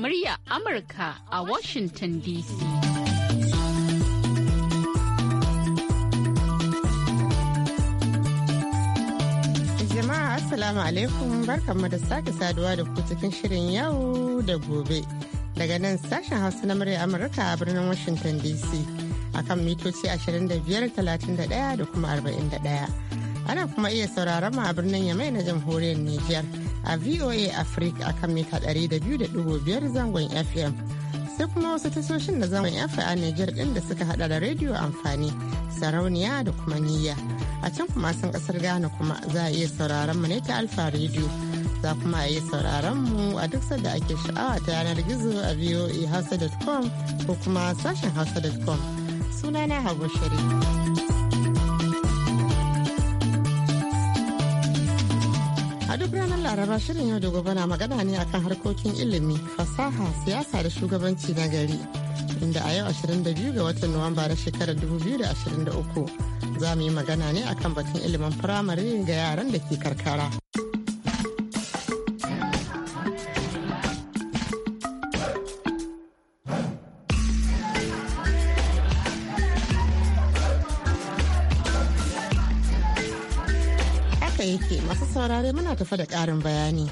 murya Amurka a Washington DC. Jama'a Assalamu alaikum barkanmu da sake saduwa da ku cikin shirin yau da gobe. Daga nan sashen hausa na murya Amurka a birnin Washington DC akan mitoci 25, 31 da kuma 41. Ana kuma iya sauraron mu a birnin Yamai na jamhuriyar Nijar. a VOA Africa akan mita 200.5 zangon FM. Sai kuma wasu tasoshin da zangon FM a Nijar ɗin da suka hada da rediyo amfani, sarauniya da kuma niyya. A can kuma sun ƙasar Ghana kuma za a iya sauraron mu ne ta Alfa Radio. Za kuma a iya sauraron mu a duk sanda ake sha'awa ta yanar gizo a voahausa.com ko kuma sashen hausa.com. Sunana Hagu Sharif. duk ranar laraba shirin yau da gobe na magana ne akan harkokin ilimi fasaha siyasa da shugabanci na gari inda a yau 22 ga watan nuwamba na shekarar 2023 za mu yi magana ne akan batun ilimin firamare ga yaran da ke karkara. saurare muna tafa da ƙarin bayani.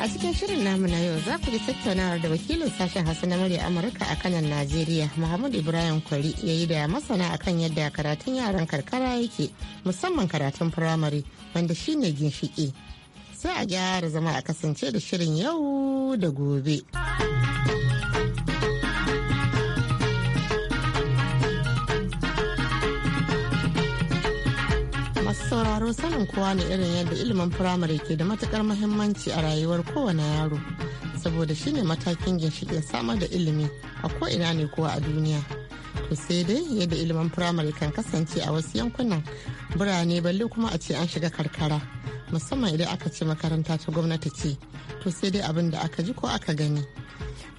A cikin shirin namu na yau za ku ji tattaunawar da wakilin sashen hasu na murya Amurka a kanan Najeriya Muhammad Ibrahim Kwari ya yi da masana a kan yadda karatun yaran karkara yake musamman karatun firamare wanda shine ginshiƙi. Sai a gyara zama a kasance da shirin yau da gobe. yaro sanin kowa ne irin yadda ilimin firamare ke da matukar mahimmanci a rayuwar kowane yaro saboda shine matakin ginshikin samar da ilimi a ko ina ne kowa a duniya to sai dai yadda ilimin firamare kan kasance a wasu yankunan birane balle kuma a ce an shiga karkara musamman idan aka ce makaranta ta gwamnati ce to sai dai abin da aka ji ko aka gani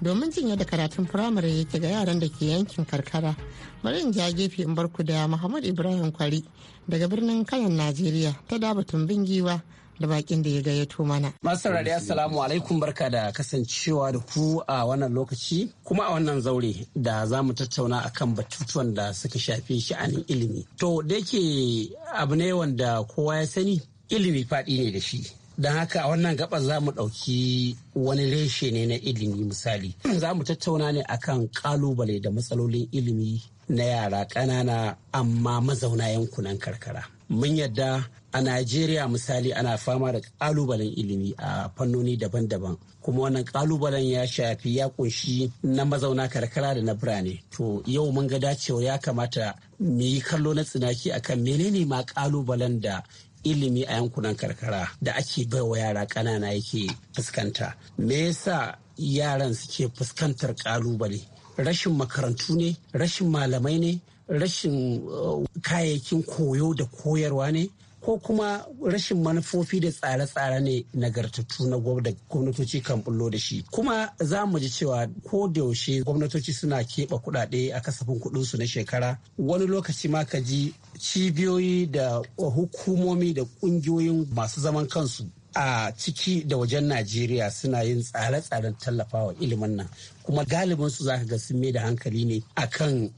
domin jin yadda karatun firamare yake ga yaran da ke yankin karkara bari in ja gefe in barku da muhammad ibrahim kwari daga birnin kayan najeriya ta dabatun bingiwa da bakin da ya gayyato mana. Masu saurari assalamu alaikum barka da kasancewa da ku a wannan lokaci kuma a wannan zaure da za mu tattauna akan batutuwan da suka shafi sha'anin ilimi. To da yake abu ne wanda kowa ya sani ilimi faɗi ne da shi don haka a wannan gabar za mu ɗauki wani reshe ne na ilimi misali za mu tattauna ne akan kalubale da matsalolin ilimi na yara ƙanana amma mazauna yankunan karkara mun yadda a najeriya misali ana fama da kalubalen ilimi a fannoni daban-daban kuma wannan kalubalen ya shafi ya kunshi na mazauna karkara da na birane to yau mun ga dacewa ya kamata mu yi kallo na tsinaki akan menene ma kalubalen da ilimi a yankunan karkara da ake baiwa yara ƙanana yake fuskanta me yasa yaran suke fuskantar ƙalubale rashin makarantu ne rashin malamai ne rashin eh, kayayyakin koyo da koyarwa ne ko kuma rashin manufofi da tsare-tsare ne nagartattu na gwamnatoci kan bullo da shi kuma za mu ji cewa ko da yaushe gwamnatoci suna keɓe kuɗaɗe a kasafin kuɗinsu na shekara wani lokaci ma ka ji cibiyoyi da hukumomi da ƙungiyoyin masu zaman kansu a ciki da wajen najeriya suna yin tsare-tsaren tallafawa ilimin nan kuma galibinsu za ka ga sun mai da hankali ne akan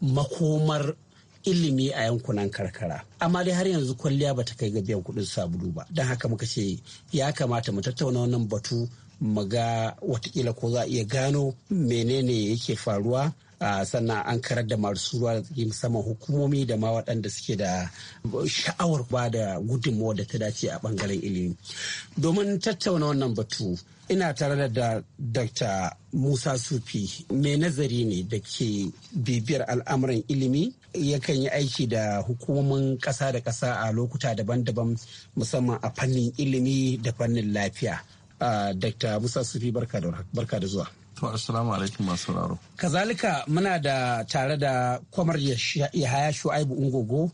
makomar ilimi a yankunan karkara amma dai har yanzu kwalliya bata kai ga biyan kuɗin sabulu ba don haka muka ce ya kamata mu tattauna wannan batu mu ga watakila ko za a iya gano menene yake faruwa a sannan an karar da masu ruwa musamman hukumomi da ma waɗanda suke da sha'awar ba da gudunmawa da ta dace a ɓangaren ilimi domin tattauna wannan batu ina tare da dr musa sufi mai nazari ne da ke bibiyar al'amuran ilimi yakan yi aiki da hukumomin ƙasa da ƙasa a lokuta daban-daban musamman a fannin ilimi da fannin lafiya dr musa sufi barka da zuwa To assalamu alaikum masu raro. Kazalika muna da tare da kwamar Yahaya Shu'aibu Ungogo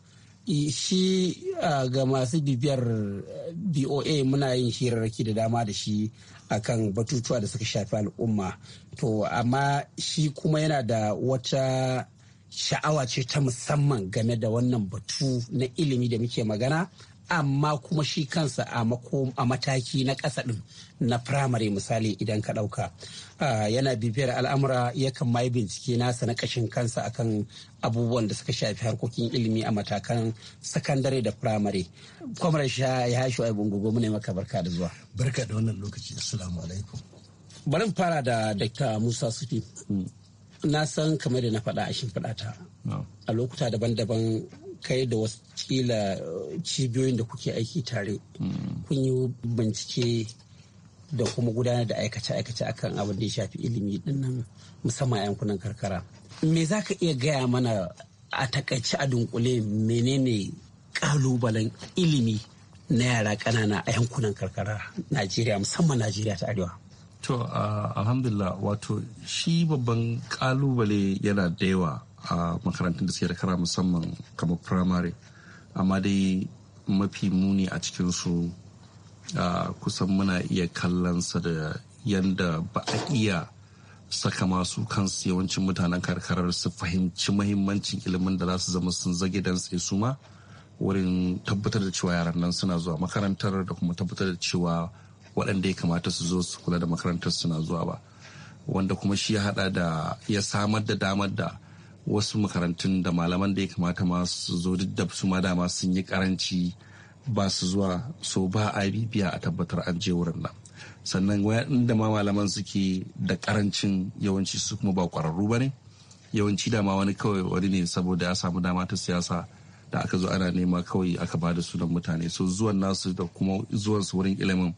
shi ga masu bibiyar eh, BOA muna yin hirarraki da dama da shi akan batutuwa da suka shafi al'umma to amma shi kuma yana da wata sha'awa ce ta musamman game da wannan batu na ilimi da muke magana amma kuma shi kansa a mataki na ƙasa ɗin na firamare misali idan ka ɗauka yana bibiyar al'amura yakan mai bincike nasa na kashin kansa akan abubuwan da suka shafi harkokin ilimi a matakan sakandare da firamare. Kwamar sha ya hashi wa gungugu muna ne maka barka da zuwa. Barka da wannan lokaci. Assalamu alaikum. Bari fara da Dr. Musa Sufi. Na san kamar da na faɗa a shimfiɗa ta. A lokuta daban-daban kai da wasu kila cibiyoyin da kuke aiki tare mm. kun yi bincike da kuma gudanar da aikace-aikace akan abin da ya shafi ilimi dinnan musamman a yankunan karkara. Me za ka iya gaya mana a takaice a dunkule menene kalubalen ilimi na yara ƙanana a yankunan karkara Najeriya musamman Najeriya ta Arewa? To, alhamdulillah wato shi babban kalubale yana da yawa a makarantun da suke da kara musamman kamar firamare amma dai mafi muni a cikinsu kusan muna iya kallonsa da yadda ba a iya saka masu kansu yawancin mutanen karkarar su fahimci mahimmancin ilimin da za su zama sun zage dan sai su ma wurin tabbatar da cewa yaran nan suna zuwa makarantar da kuma tabbatar da cewa waɗanda ya kamata su zo su kula da makarantar suna zuwa ba wanda kuma shi ya hada da ya samar da damar da wasu makarantun da malaman da ya kamata ma su zo duk da su ma dama sun yi karanci ba su zuwa so ba a bibiya a tabbatar an je wurin nan sannan inda ma malaman suke da karancin yawanci su kuma ba kwararru ba ne yawanci dama wani kawai wani ne saboda ya samu dama ta siyasa da aka zo ana nema kawai aka ba da sunan mutane so zuwan nasu da kuma zuwan su wurin ilimin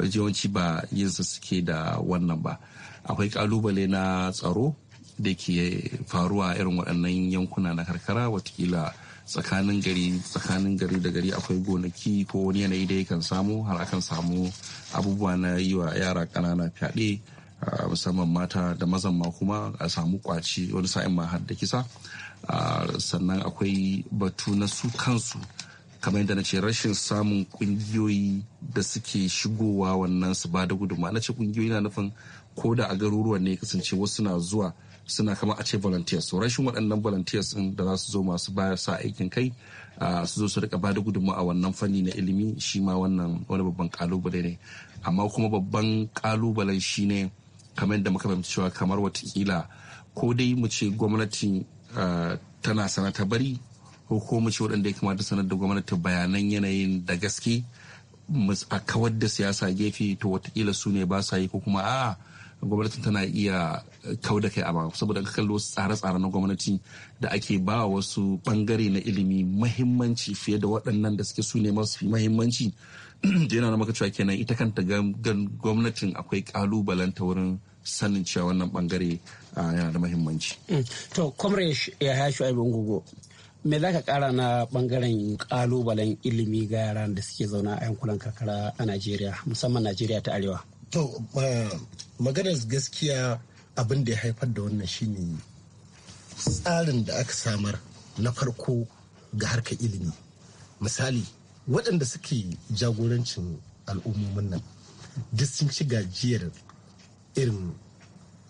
yawanci ba yinsa suke da wannan ba akwai kalubale na tsaro da ke faruwa irin waɗannan yankuna na karkara watakila tsakanin gari tsakanin gari da gari akwai gonaki ko wani yanayi da yakan samu har akan samu abubuwa na yi wa yara kanana fyaɗe musamman mata da mazan ma kuma a samu kwaci wani sa'in ma har da kisa sannan akwai batu na su kansu kamar yadda na ce rashin samun kungiyoyi da suke shigowa wannan su ba da gudunmawa na ce kungiyoyi na nufin ko da a garuruwan ne kasance wasu na zuwa suna kama a ce volunteers so rashin waɗannan volunteers din da za su zo masu bayar sa aikin kai su zo su rika ba da gudunmu a wannan fanni na ilimi shi ma wannan wani babban kalubale ne amma kuma babban kalubalen shi ne kamar yadda muka fahimci cewa kamar watakila ko dai mu ce gwamnati tana sana ta bari ko ko mu ce waɗanda ya kamata sanar da gwamnati bayanan yanayin da gaske a kawar da siyasa gefe to watakila su ne ba sa yi ko kuma a'a gwamnatin tana iya eh, kau da kai a ba saboda ka kallo tsare-tsare na gwamnati da ake ba wasu bangare na ilimi mahimmanci fiye da waɗannan da suke sune masu mahimmanci da yana maka cewa kenan ita kanta gwamnatin akwai ƙalubalen ta wurin sanin cewa wannan bangare ah, yana da mahimmanci. Mm. to comrade ya hashu abin gugu me za ka kara na bangaren ƙalubalen ilimi ga yaran da suke zauna a yankunan karkara a najeriya musamman najeriya ta arewa To maganar gaskiya abin da ya haifar da wannan shine tsarin da aka samar na farko ga harkar ilimi. Misali, waɗanda suke jagorancin al'ummomin nan duk sun ci gajiyar irin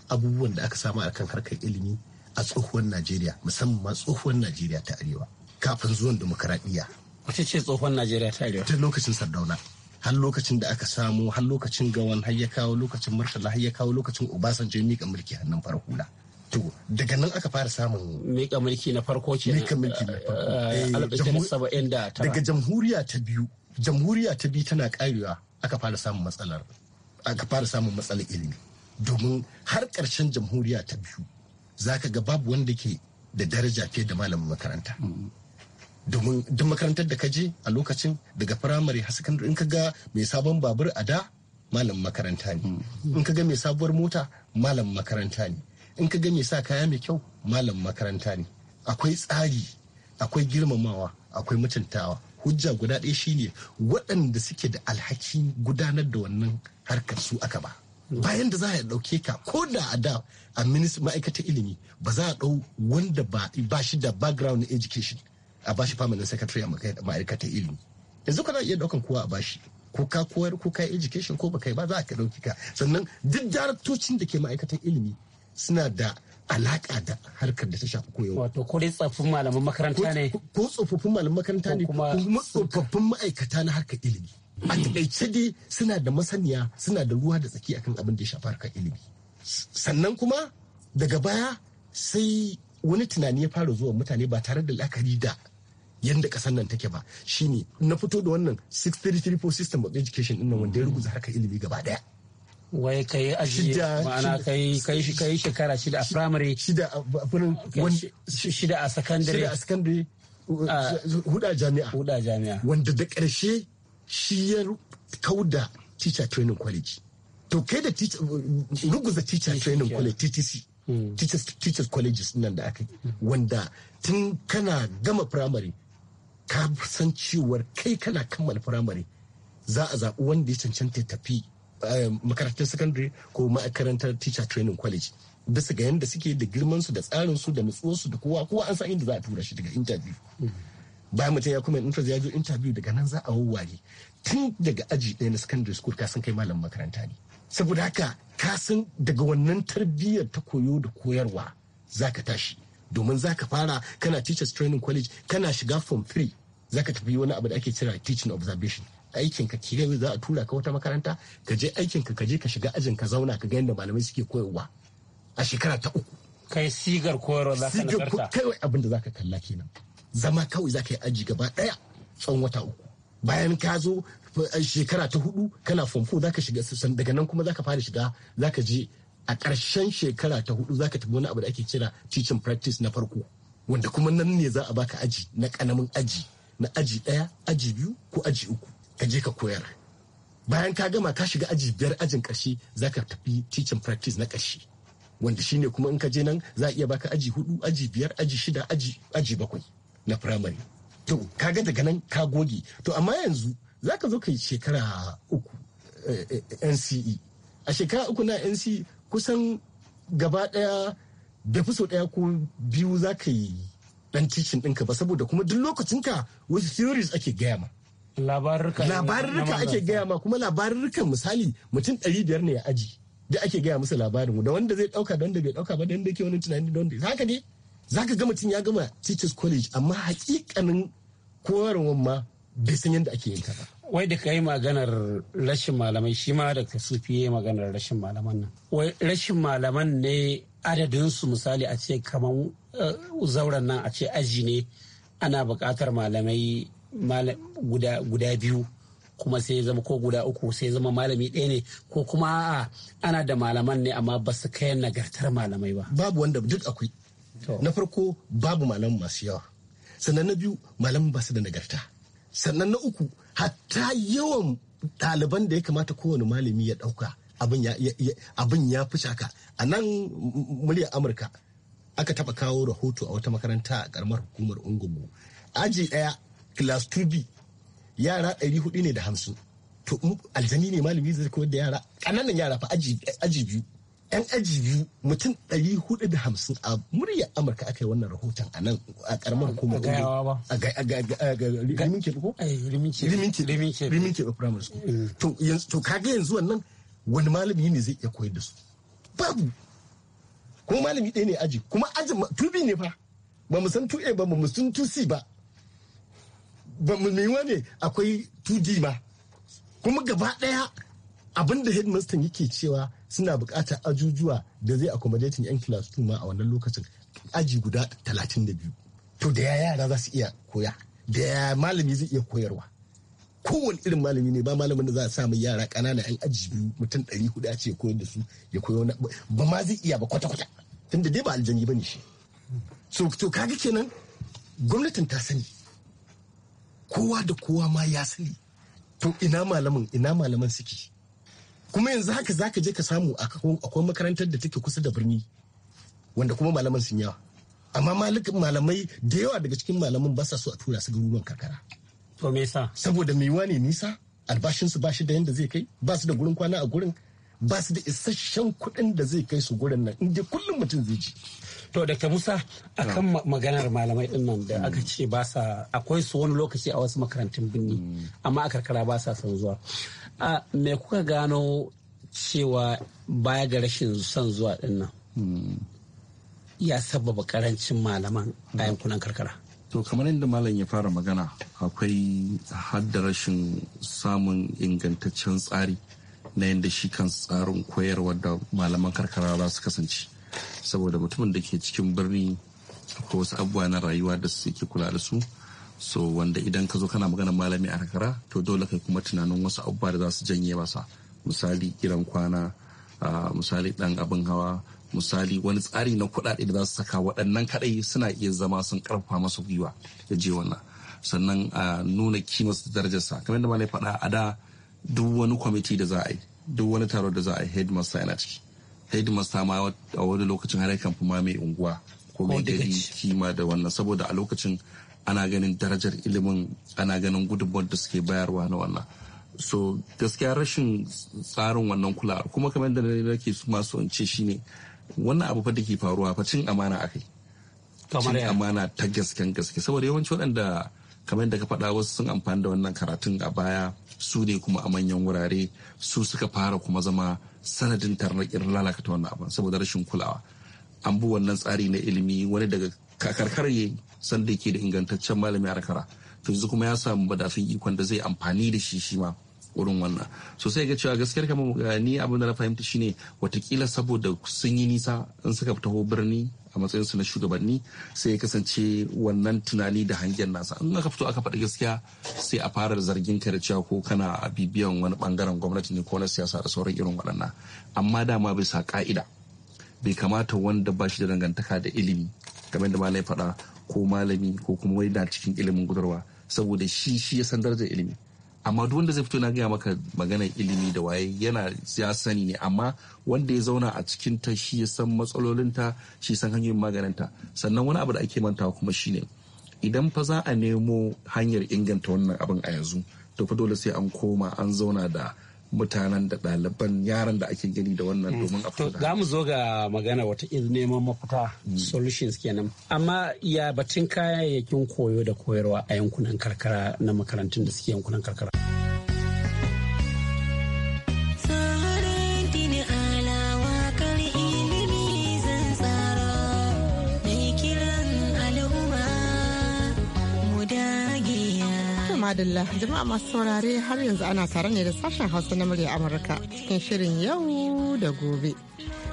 abubuwan da aka samu a kan harkar ilimi a tsohuwar Najeriya, musamman ma tsohuwar Najeriya ta Arewa, kafin zuwan demokaradiyya. wacce ce tsohuwar Najeriya ta Arewa? Ta lokacin Sardauna. har lokacin da aka samu har lokacin gawan har ya kawo lokacin murtala har ya kawo lokacin obasanjo ya mika mulki hannun farko hula to daga nan aka fara samun mika mulki na farko ce mika mulki na farko eh, eh, eh, daga jamhuriya ta biyu jamhuriya ta biyu tana karewa aka fara samun matsalar aka fara samun matsalar ilimi domin har ƙarshen jamhuriya ta biyu zaka ga babu wanda ke da daraja fiye da malamin makaranta mm. domin duk makarantar da ka je a lokacin daga firamare har sakandare in ka ga mai sabon babur a da malam makaranta ne hmm. in ka ga mai sabuwar mota malam makaranta ne in ka ga mai sa kaya mai kyau malam makaranta ne akwai tsari akwai girmamawa akwai mutuntawa hujja guda ɗaya shine waɗanda suke da alhaki gudanar da wannan harkar su aka ba hmm. bayan da za a ɗauke ka ko da a da a ma'aikatar ilimi ba za a ɗau wanda ba shi da background education a bashi permanent secretary a ma'aikata ilimi yanzu kana iya daukan kowa a bashi ko ka koyar ko ka education ko baka yi ba za ka dauki ka sannan duk daraktocin da ke ma'aikatan ilimi suna da alaka da harkar da ta shafi koyarwa. Wato ko dai tsofaffin malaman makaranta ne. Ko tsofaffin malaman makaranta ne ko kuma tsofaffin ma'aikata na harkar ilimi. A taƙaice dai suna da masaniya suna da ruwa da tsaki akan abin da ya shafi harkar ilimi. Sannan kuma daga baya sai wani tunani ya fara zuwa mutane ba tare da la'akari da yadda kasar nan take ba shine na fito da wannan 6334 system of education din nan wanda ya rubuta harkar ilimi gaba daya wai ka yi ajiye ma'ana ka yi shekara shida a primary shida a secondary shida a secondary huda ah. jami'a huda jami'a wanda da ƙarshe shi ya kauda teacher training college to kai da ruguza teacher training college ttc hmm. teachers colleges nan da aka hmm. wanda tun kana gama primary ka san cewar kai kana kammala firamare za a zaɓi wanda ya cancanta tafi eh, makarantar secondary ko ma'akarantar teacher training college bisa ga yadda suke da girman su da tsarin su da nutsuwar su da kowa kowa an san inda za a tura shi daga interview mu mutum ya kuma in ya zo interview daga nan za a wawware tun daga aji ɗaya na secondary school ka san kai malam makaranta ne saboda haka ka san daga wannan tarbiyyar ta koyo da koyarwa za ka tashi domin za ka fara kana teachers training college kana shiga form za ka tafi wani abu da ake cira teaching observation aikin ka ki za a tura ka wata makaranta ka je aikin ka je ka shiga ajin ka zauna ka ga yadda malamai suke koyarwa a shekara ta uku kai sigar koyarwa za ka nagarta kai abin da za ka kalla kenan zama kawai za ka yi aji gaba daya tsawon wata uku bayan ka zo eh, shekara ta hudu kana fomfo za ka shiga sassan daga nan kuma za ka fara shiga za ka je a ƙarshen shekara ta hudu za ka tafi wani abu da ake kira teaching practice na farko wanda kuma nan ne za a baka aji na ƙanamin aji na aji ɗaya aji biyu ko aji uku ka je ka koyar bayan ka gama ka shiga aji biyar ajin ƙarshe za ka tafi teaching practice na ƙarshe wanda shine kuma in ka je nan za a iya baka aji hudu aji biyar aji shida aji aji bakwai na primary to ka ga daga nan ka goge to amma yanzu za ka zo ka yi shekara uku eh, eh, nce a shekara uku na nce kusan gaba ɗaya da fuso ɗaya ko biyu za ka yi dan teaching ɗinka ba saboda kuma duk lokacinka wasu theories ake gaya ma labarurka ake gaya ma kuma labarurkan misali mutum ɗari biyar ne ya aji da ake gaya musu labarin da wanda zai ɗauka da wanda bai ɗauka ba da wanda ke wani tunani da wanda haka ne zaka ga mutum ya gama teachers college amma hakikanin koyarwan ma bai san yadda ake yin ta ba wai da ka yi maganar rashin malamai shi ma da ka sufi maganar rashin malaman nan wai rashin malaman ne adadinsu misali a ce kamar eh, zauren nan a ce aji ne ana buƙatar malamai guda biyu kuma sai ya zama ko guda uku sai ya zama malami ɗaya ne ko kuma a ana da malaman ne amma ba su kai nagartar malamai ba. Babu wanda duk akwai. Na farko babu malaman masu yawa. Sannan na biyu malaman ba su da nagarta. Sannan na uku hatta yawan ɗaliban da ya kamata kowane malami ya ɗauka abin ya fi shaka a nan muryar amurka aka taba kawo rahoto a wata makaranta a karamar hukumar ungumu aji daya class 2b yara 400 ne da hamsin to aljani ne malami zai koyar da yara kananan yara fa aji biyu yan aji biyu mutum 450 a muryar amurka aka yi wannan rahoton a nan a karamar hukumar ungumu a ba. A a a riminke ko riminke riminke a school eh. to kaga yanzu wannan wani malami ne zai iya koyar da su babu kuma malami ɗaya ne aji kuma aji tubi ne fa ba mu san 2a ba mu san 2c ba ba mu mai wane akwai 2d ba kuma gaba ɗaya abinda headmaster yake cewa suna buƙatar ajujuwa da zai accommodating yan class 2 ma a wannan lokacin aji guda 32 to da ya yara za su iya koya da ya malami zai iya koyarwa kowane irin malami ne ba malamin da za a samu yara ƙanana yan aji biyu mutum ɗari hudu a ce koyar da su ya koyo na ba ma zai iya ba kwata-kwata da dai ba aljani ba ne shi so to kaga kenan gwamnatin ta sani kowa da kowa ma ya sani to ina malamin ina malaman suke kuma yanzu haka za ka je ka samu akwai makarantar da take kusa da birni wanda kuma malaman sun yawa amma malamai da yawa daga cikin malaman ba sa so a tura su garuruwan karkara To me yasa? Saboda maiwa ne nisa, albashinsu ba shi da yanda zai kai, ba su da gurin kwana a gurin, ba su da isasshen kuɗin da zai kai su gurin nan, inda kullum mutum zai ji. To da Musa akan maganar malamai din nan da aka ce ba sa akwai su wani lokaci a wasu makarantun birni amma a karkara ba sa son zuwa. Me kuka gano cewa baya ga rashin son zuwa din nan? Hmm. Ya sababa karancin malaman a yankunan karkara. to kamar yadda malam ya fara magana akwai hadda rashin samun ingantaccen tsari na yadda shi kan tsarin koyarwa da malaman karkara za su kasance saboda mutumin da ke cikin birni ko wasu abubuwa na rayuwa da ke kula da su so wanda idan ka zo kana magana malami a karkara to dole kai kuma tunanin wasu abubuwa da za su janye masa misali kiran kwana ah, misali ɗan abin hawa misali wani tsari na kuɗaɗe da za su saka waɗannan kaɗai suna iya zama sun karfafa masu gwiwa da je wannan sannan a nuna kima su darajarsa kamar yadda malai faɗa a da duk wani kwamiti da za a yi duk wani taro da za a yi headmaster yana ciki headmaster ma a wani lokacin har kan fi mai unguwa ko mai gari kima da wannan saboda a lokacin ana ganin darajar ilimin ana ganin gudunmawar da suke bayarwa na wannan so gaskiya rashin tsarin wannan kula kuma kamar da na su masu in ce shine wannan abu fa da ke faruwa fa cin amana akai cin amana ta gasken gaske saboda yawanci waɗanda kamar da ka faɗa wasu sun amfani da wannan karatun a baya su ne kuma a manyan wurare su suka fara kuma zama sanadin tarnaƙin lalakata wannan abu saboda rashin kulawa an bi wannan tsari na ilimi wani daga karkar ya sanda yake da ingantaccen malami a kara to yanzu kuma ya samu badafin ikon da zai amfani da shi shi ma wurin wannan so sai ga cewa gaskiyar kamar ni abin da na fahimta shine watakila saboda sun yi nisa in suka taho birni a matsayin su na shugabanni sai ya kasance wannan tunani da hangen nasa in aka fito aka faɗi gaskiya sai a fara zargin ka da cewa ko kana a bibiyan wani bangaren gwamnati ne ko na siyasa da sauran irin waɗannan amma dama bisa ka'ida bai kamata wanda ba shi da dangantaka da ilimi game da malai faɗa ko malami ko kuma wani na cikin ilimin gudarwa saboda shi shi ya san darajar ilimi amma duk wanda zai fito na gaya maka magana ilimi da waye yana ya sani ne amma wanda ya zauna a cikin ta shi ya san ta shi san hanyoyin maganin ta sannan wani abu da ake mantawa kuma shine idan fa za a nemo hanyar inganta wannan abin a yanzu to fa dole sai an koma an zauna da mutanen da ɗaliban yaran da ake gani da wannan mm. domin a za mu zo ga magana wata neman mafita mm. solutions kenan amma ya batun kayayyakin koyo da koyarwa a yankunan karkara na makarantun da suke yankunan karkara. madalla jama'a masu saurare har yanzu ana tare ne da sashen hausa na murya amurka cikin shirin yau da gobe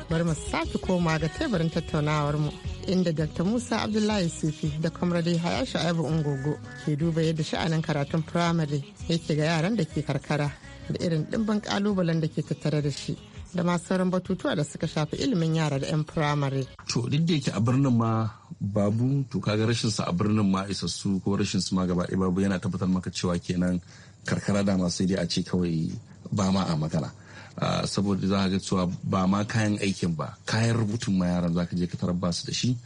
bari mu sake koma ga teburin tattaunawar mu inda dr musa abdullahi sufi da kwamrade hayashi aibu ungogo ke duba yadda sha'anin karatun firamare yake ga yaran da ke karkara da irin dimbin kalubalen da ke tattare da shi da masu sauran batutuwa da suka shafi ilimin yara da 'yan firamare. To duk da yake a birnin ma babu to kaga rashin sa a birnin ma isassu ko rashin su ma gaba ɗaya babu yana tabbatar maka cewa kenan karkara da masu dai a ce kawai ba ma a magana. Ah, saboda za ka ga cewa ba ma kayan aikin ba kayan rubutun ma yaran za ka je ka tarar ba su da shi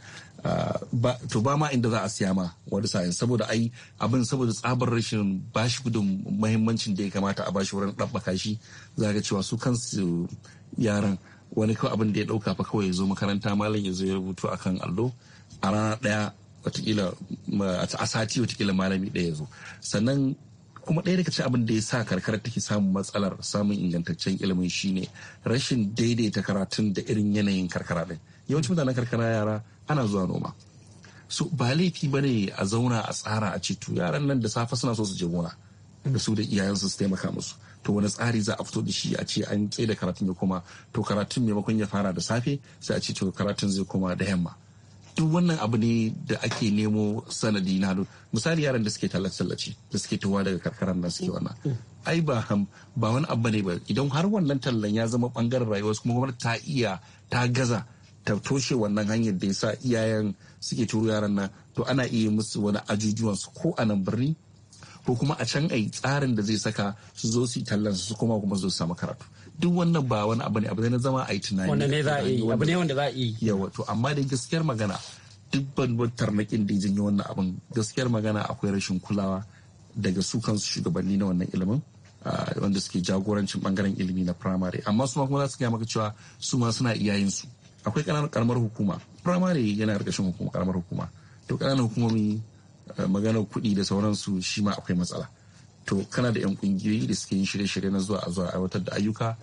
to ba ma inda za a siya ma wani sa'in saboda ai abin saboda tsabar rashin bashi gudun mahimmancin da ya kamata a bashi wurin ɗabbaka shi za ga cewa su kansu yaran wani kawai abin da ya ɗauka fa kawai ya zo makaranta malam ya zo ya rubutu a kan allo a rana ɗaya watakila a sati watakila malami ɗaya ya zo sannan kuma ɗaya daga cikin abin da ya sa karkara take samun matsalar samun ingantaccen ilimin shine rashin daidaita karatun da irin yanayin karkara din yawancin mutanen karkara yara ana zuwa noma so ba laifi ba ne a zauna a tsara a ce to yaran nan da safe suna so su je gona da su da iyayensu su taimaka musu to wani tsari za a fito da shi a ce an da karatun ya koma to karatun maimakon ya fara da safe sai a ce to karatun zai koma da yamma duk wannan abu ne da ake nemo sanadi na hannu misali yaran da suke tallace-tallace da suke tuwa daga karkarar nan suke wannan ai ba ham ba wani abu ne ba idan har wannan tallan ya zama bangaren rayuwar kuma gwamnati ta iya ta gaza ta toshe wannan hanyar da ya sa iyayen suke turo yaran nan to ana iya musu wani ajujuwan su ko a nan birni ko kuma a can ai tsarin da zai saka su zo su tallan su kuma kuma zo su samu karatu duk wannan ba wani abu ne abu na zama a yi tunani wanda ne za a yi abu ne wanda za a yi yawa to amma da gaskiyar magana duk dubban tarnakin da jin wannan abin gaskiyar magana akwai rashin kulawa daga su kansu shugabanni na wannan ilimin wanda suke jagorancin bangaren ilimi na firamare amma su ma kuma za su gaya maka cewa su ma suna iyayen su akwai ƙananan karamar hukuma firamare yana ƙarƙashin hukuma karamar hukuma to ƙananan hukumomi maganar kuɗi da sauransu shi ma akwai matsala to kana da yan kungiyoyi da suke yin shirye-shirye na zuwa a zuwa aiwatar da ayyuka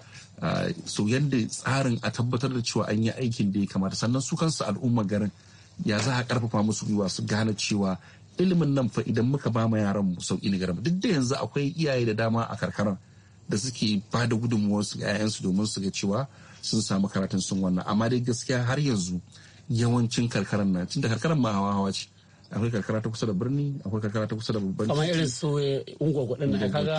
so yadda tsarin a tabbatar da cewa an yi aikin da ya kamata sannan su kansu al'ummar garin ya za a karfafa musu gwiwa su gane cewa ilimin nan fa idan muka ba ma yaran mu sauki ne garin duk da yanzu akwai iyaye da dama a karkaran da suke ba da gudunmuwar su ga su domin su ga cewa sun samu karatun sun wannan amma dai gaskiya har yanzu yawancin karkaran na tunda karkaran ma hawa hawa ce akwai karkara ta kusa da birni akwai karkara ta kusa da babban kamar irin su ungwagwa din da kaga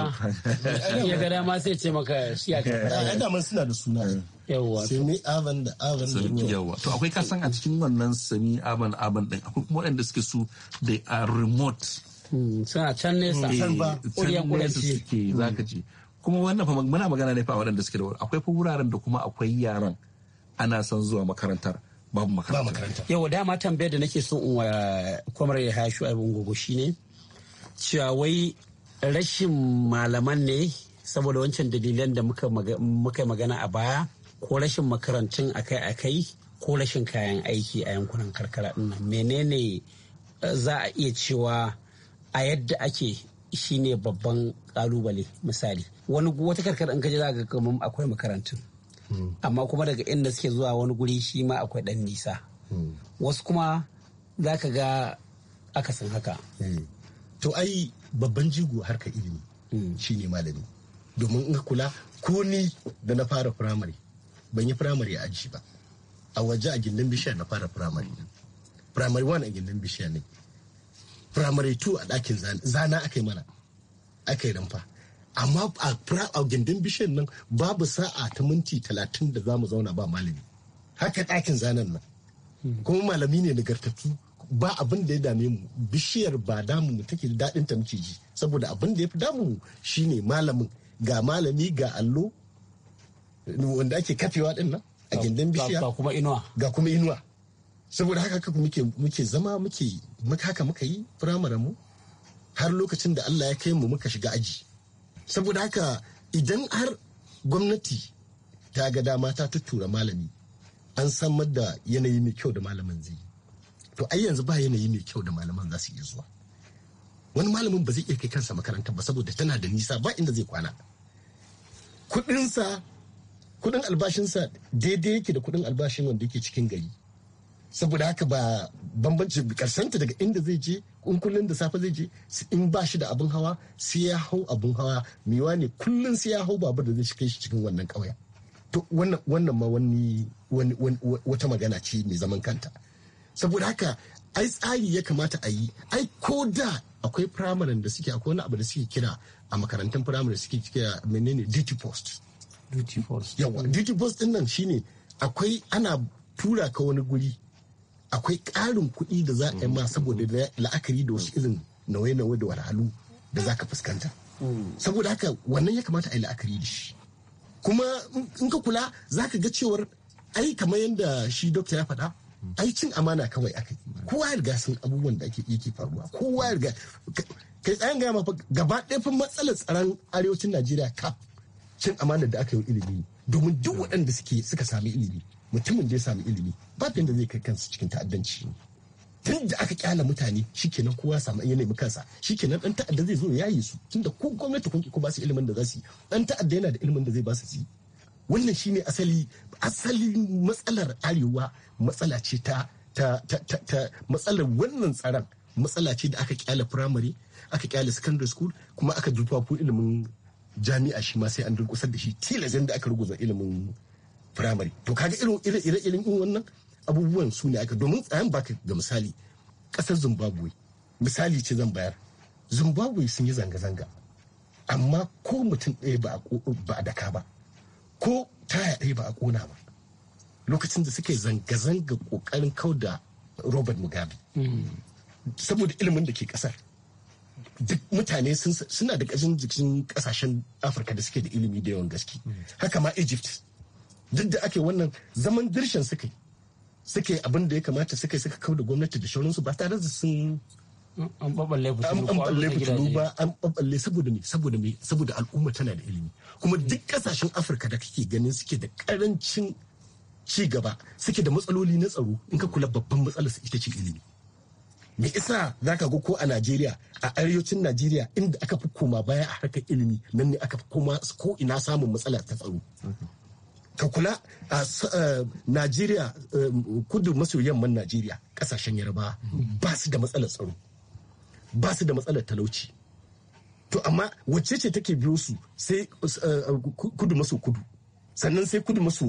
ya ga dama sai ce maka shi a karkara ai da suna da suna eh. yawa semi aban da aban da yawa to akwai kasan a cikin wannan semi aban aban din akwai kuma waɗanda suke su they are remote hmm, suna can nesa eh, can ba kuriyan kudanci suke zaka ji kuma wannan fa muna magana ne fa waɗanda suke da akwai fa wuraren da kuma akwai yaran ana son zuwa makarantar babu makaranta yau dama tambayar da nake so in wa kwamar eh, ya haya shu'aibin shi ne. cewa wai rashin malaman ne saboda wancan dalilan da muka magana a baya ko rashin makarantun akai-akai ko rashin kayan aiki a yankunan karkara nan menene eh, za a iya cewa a yadda ake shine babban ƙalubale misali wani wata karkara in je za ga kamar akwai makarantun amma kuma daga inda suke zuwa wani guri shi ma akwai ɗan nisa wasu kuma za ka ga akasin haka eh. to ai babban jigo harka ilimi hmm. shi ne malami domin in kula ko ni da na fara firamare ban yi firamare a aji ba a waje a gindin bishiya na fara firamare firamare wani a gindin bishiya ne firamare 2 a ɗakin zana aka yi mana aka yi rumfa amma a gindin bishiyar nan babu sa'a ta minti talatin da za mu zauna ba malami haka ɗakin zanen nan kuma malami ne nagartattu ba abin da ya dame mu bishiyar ba damu mu take daɗin ta muke ji saboda abin da ya fi damu mu shine malamin ga malami ga allo wanda ake kafewa din nan a gindin bishiya ga kuma inuwa ga kuma inuwa saboda haka kuma muke muke zama muke haka muka yi firamare mu har lokacin da Allah ya kai mu muka shiga aji saboda haka idan har gwamnati ta ga dama ta tuttura malami an samar da yanayi mai kyau da malamin zai yi, to ai yanzu ba yanayi mai kyau da malaman za su iya zuwa wani malamin ba zai iya kai kansa makaranta ba saboda tana da nisa ba inda zai kwana kudinsa kudin albashinsa daidai yake da kudin albashin wanda yake cikin gari saboda haka ba bambancin karsanta daga inda zai je in da safe zai je in ba shi da abin hawa sai ya hau abin hawa mewa ne kullum sai ya hau babur da zai shi shi cikin wannan ƙauyen to wannan ma wani wata magana ce mai zaman kanta saboda haka ai tsari ya kamata a yi ai ko da akwai firamaren da suke akwai wani abu da suke kira a makarantun firamare suke kira menene duty post duty post yawa duty post din nan shine akwai ana tura ka wani guri akwai ƙarin kuɗi da za a yi ma saboda la'akari da wasu irin nauye-nauye da wahalhalu da za ka fuskanta saboda haka wannan ya kamata a yi la'akari da shi kuma in ka kula za ka ga cewar ai kamar yadda shi dokta ya faɗa ai cin amana kawai aka yi kowa ya riga sun abubuwan da ake yake faruwa kowa ya riga kai tsayan gaya ma gaba ɗaya fa matsalar tsaron arewacin najeriya kaf cin amana da aka yi ilimi domin duk waɗanda suke suka sami ilimi mutumin da ya samu ilimi ba yadda zai kai kansa cikin ta'addanci tun da aka kyala mutane shikenan kowa samu yanayi kansa shikenan dan ta'adda zai zo ya yaye su tunda ko gwamnati kun ko ba su ilimin da za su yi dan ta'adda yana da ilimin da zai ba su yi wannan shine asali asali matsalar arewa matsala ce ta ta ta matsalar wannan tsaron matsala ce da aka kyala primary aka kyala secondary school kuma aka jufafo ilimin jami'a shi ma sai an durkusar da shi tilazin da aka ruguza ilimin firamare to kaga irin ire irin wannan abubuwan su ne aka domin tsayan baka ga misali kasar zimbabwe misali ce zan bayar zimbabwe sun yi zanga-zanga amma ko mutum ɗaya ba a daka ba ko taya ɗaya ba a kona ba lokacin da suke zanga-zanga ƙoƙarin kau da robert mugabe saboda ilimin da ke kasar duk mutane suna da ƙashin jikin ƙasashen afirka da suke da ilimi da yawan gaske haka ma egypt duk da ake wannan zaman dirshan suka yi abin da ya kamata suka yi suka kau da gwamnati da shaurinsu ba tare da sun an baballe fitilu ba an baballe saboda me saboda me saboda al'umma tana da ilimi kuma mm. duk kasashen afirka da kake ganin suke da karancin ci gaba suke da matsaloli na tsaro in ka kula babban matsalar ita ce ilimi me isa za ka ga ko a najeriya a arewacin najeriya inda aka fi koma baya a harkar ilimi nan ne aka fi koma ko ina samun matsala ta tsaro mm-hmm. ka kula a eh, najeriya eh, kudu maso yamman najeriya kasashen yarba ba su da matsalar tsaro ba su da matsalar talauci to amma wacce ce take biyo su sai eh, kudu maso kudu sannan sai kudu maso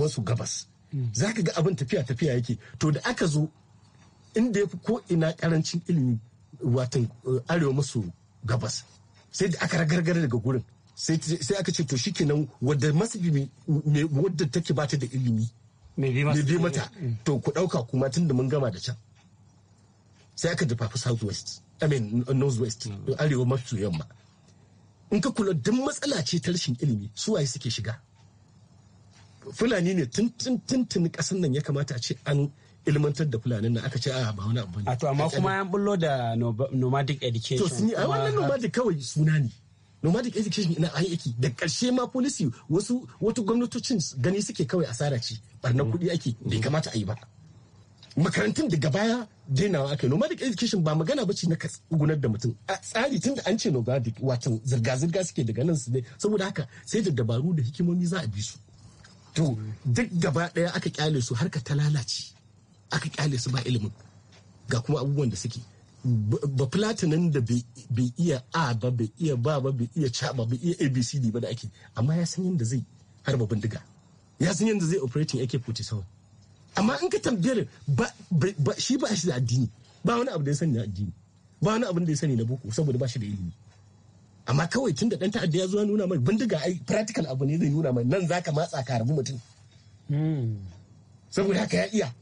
masu gabas hmm. za ka ga abin tafiya tafiya yake to da aka zo inda ya fi ko ina karancin ilimi watan arewa masu gabas sai da aka ragargara daga gurin sai aka ce to shi kenan wadda masjidi wadda take bata da ilimi me bi mata mm. to ku dauka kuma tun da mun gama da can sai aka dafafi south west i mean north west mm. arewa masu yamma in ka kula duk matsala ce ta rashin ilimi su waye suke shiga fulani ne tun kasan nan ya kamata a ce an ilmantar da fulani nan aka ce a ah, ba wani abu ne. A to amma kuma yan bullo da nomadic education. To sun yi a wannan nomadic kawai suna ne. nomadic education ina aiki da karshe ma policy wasu wato gwamnatocin gani suke kawai asara ce Barna mm. kuɗi ake bai mm. kamata a yi ba makarantun daga baya dainawa aka yi nomadic education ba magana ba ce na ka gunar da mutum a tsari tun da an ce nomadic wato zirga-zirga suke daga nan su ne saboda haka sai da dabaru da hikimomi za a bi su to duk gaba daya aka kyale su harka ta lalace aka kyale su ba ilimin ga kuma abubuwan da suke ba platinum da bai iya a ba bai iya ba ba bai iya ca ba bai iya abcd ba da ake amma ya san yadda zai harba bindiga ya san yadda zai operating ak-47 amma in ka tambayar ba shi ba shi da addini ba wani abu da ya sani na addini ba wani abu da ya sani na boko saboda ba shi da ilimi amma kawai tun da dan ta'adda ya zo nuna mai bindiga ai practical abu ne zai nuna mai nan zaka matsa ka harbi mutum hmm. saboda haka ya iya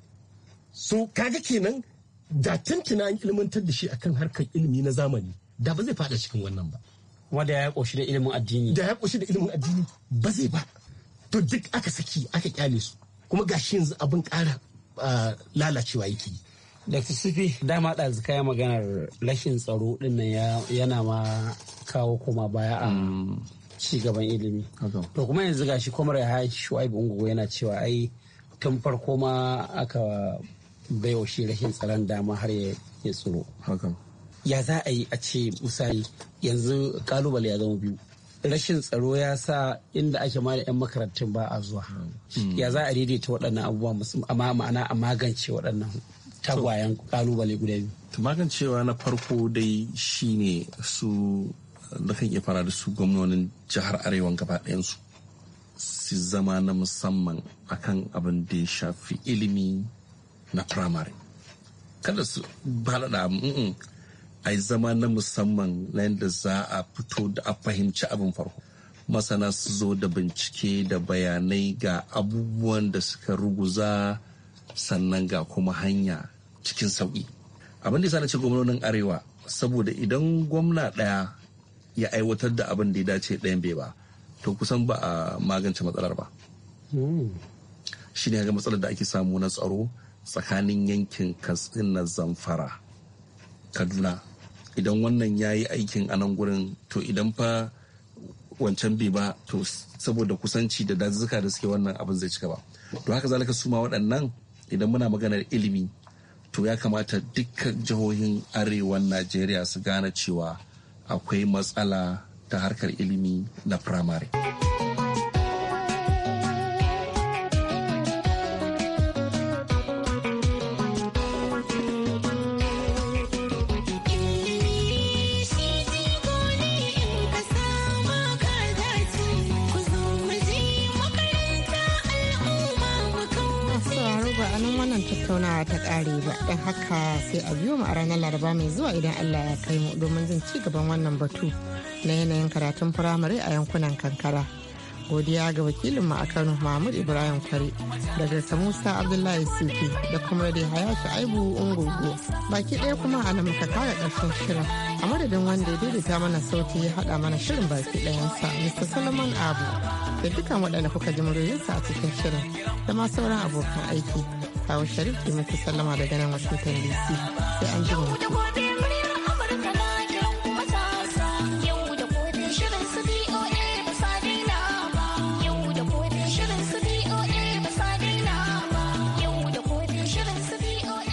so kaga kenan da tuntuna an ilmantar da shi akan harkar ilimi na zamani da ba zai fada cikin wannan ba wanda ya koshi da ilimin addini da ya koshi da ilimin addini ba zai ba to duk aka saki aka kyale su kuma gashi yanzu abin ƙara lalacewa yake yi da sufi dama ɗazu kaya maganar rashin tsaro ɗinnan yana ma kawo koma baya a ci gaban ilimi to kuma yanzu gashi kwamar ya shu'aibu ungugo yana cewa ai tun farko ma aka baiwa shi rashin tsaron dama har ya tsoro. Ya za a yi a ce misali yanzu kalubale ya zama biyu. Rashin tsaro ya sa inda ake ma da 'yan makarantun ba a zuwa. Hmm. Ya za a daidaita waɗannan abubuwa amma ma'ana a magance waɗannan tagwayen kalubale guda biyu. Magancewa na farko dai shi ne su da kan iya fara da su gwamnonin jihar arewan gaba ɗayansu. su zama na musamman akan abin da ya shafi ilimi na primary kada su balada a yi zama na musamman na yadda za a fito da a fahimci abin farko masana su zo da bincike da bayanai ga abubuwan da suka ruguza sannan ga kuma hanya cikin sauƙi abin da na ce gwamnonin arewa saboda idan gwamna ɗaya ya aiwatar da abin da ya dace ɗayan bai ba to kusan ba a magance matsalar ba hmm. shi ne ga matsalar da ake samu na tsaro tsakanin yankin katsina zamfara kaduna idan wannan ya yi aikin a nan gurin to idan fa wancan bai ba to saboda kusanci da dazuka da suke wannan abin zai cika ba to haka zalika su ma waɗannan idan muna maganar ilimi to ya kamata dukkan jihohin arewan najeriya su gane cewa akwai matsala ta harkar ilimi na firamare. ta kare ba don haka sai a biyo mu a ranar laraba mai zuwa idan allah ya kai mu domin jin ci gaban wannan batu na yanayin karatun firamare a yankunan kankara godiya ga wakilin mu a kano mahmud ibrahim kare daga samusa abdullahi sufi da kuma da hayashi aibu ungogo baki ɗaya kuma a nan muka kara ƙarshen shirin a madadin wanda ya daidaita mana sauti ya haɗa mana shirin baki ɗayansa mr solomon abu da dukkan waɗanda kuka ji muryoyinsa a cikin shirin da ma sauran abokan aiki Hawa Sharif ke mata sallama daga nan Washington DC. Sai an ji mutu.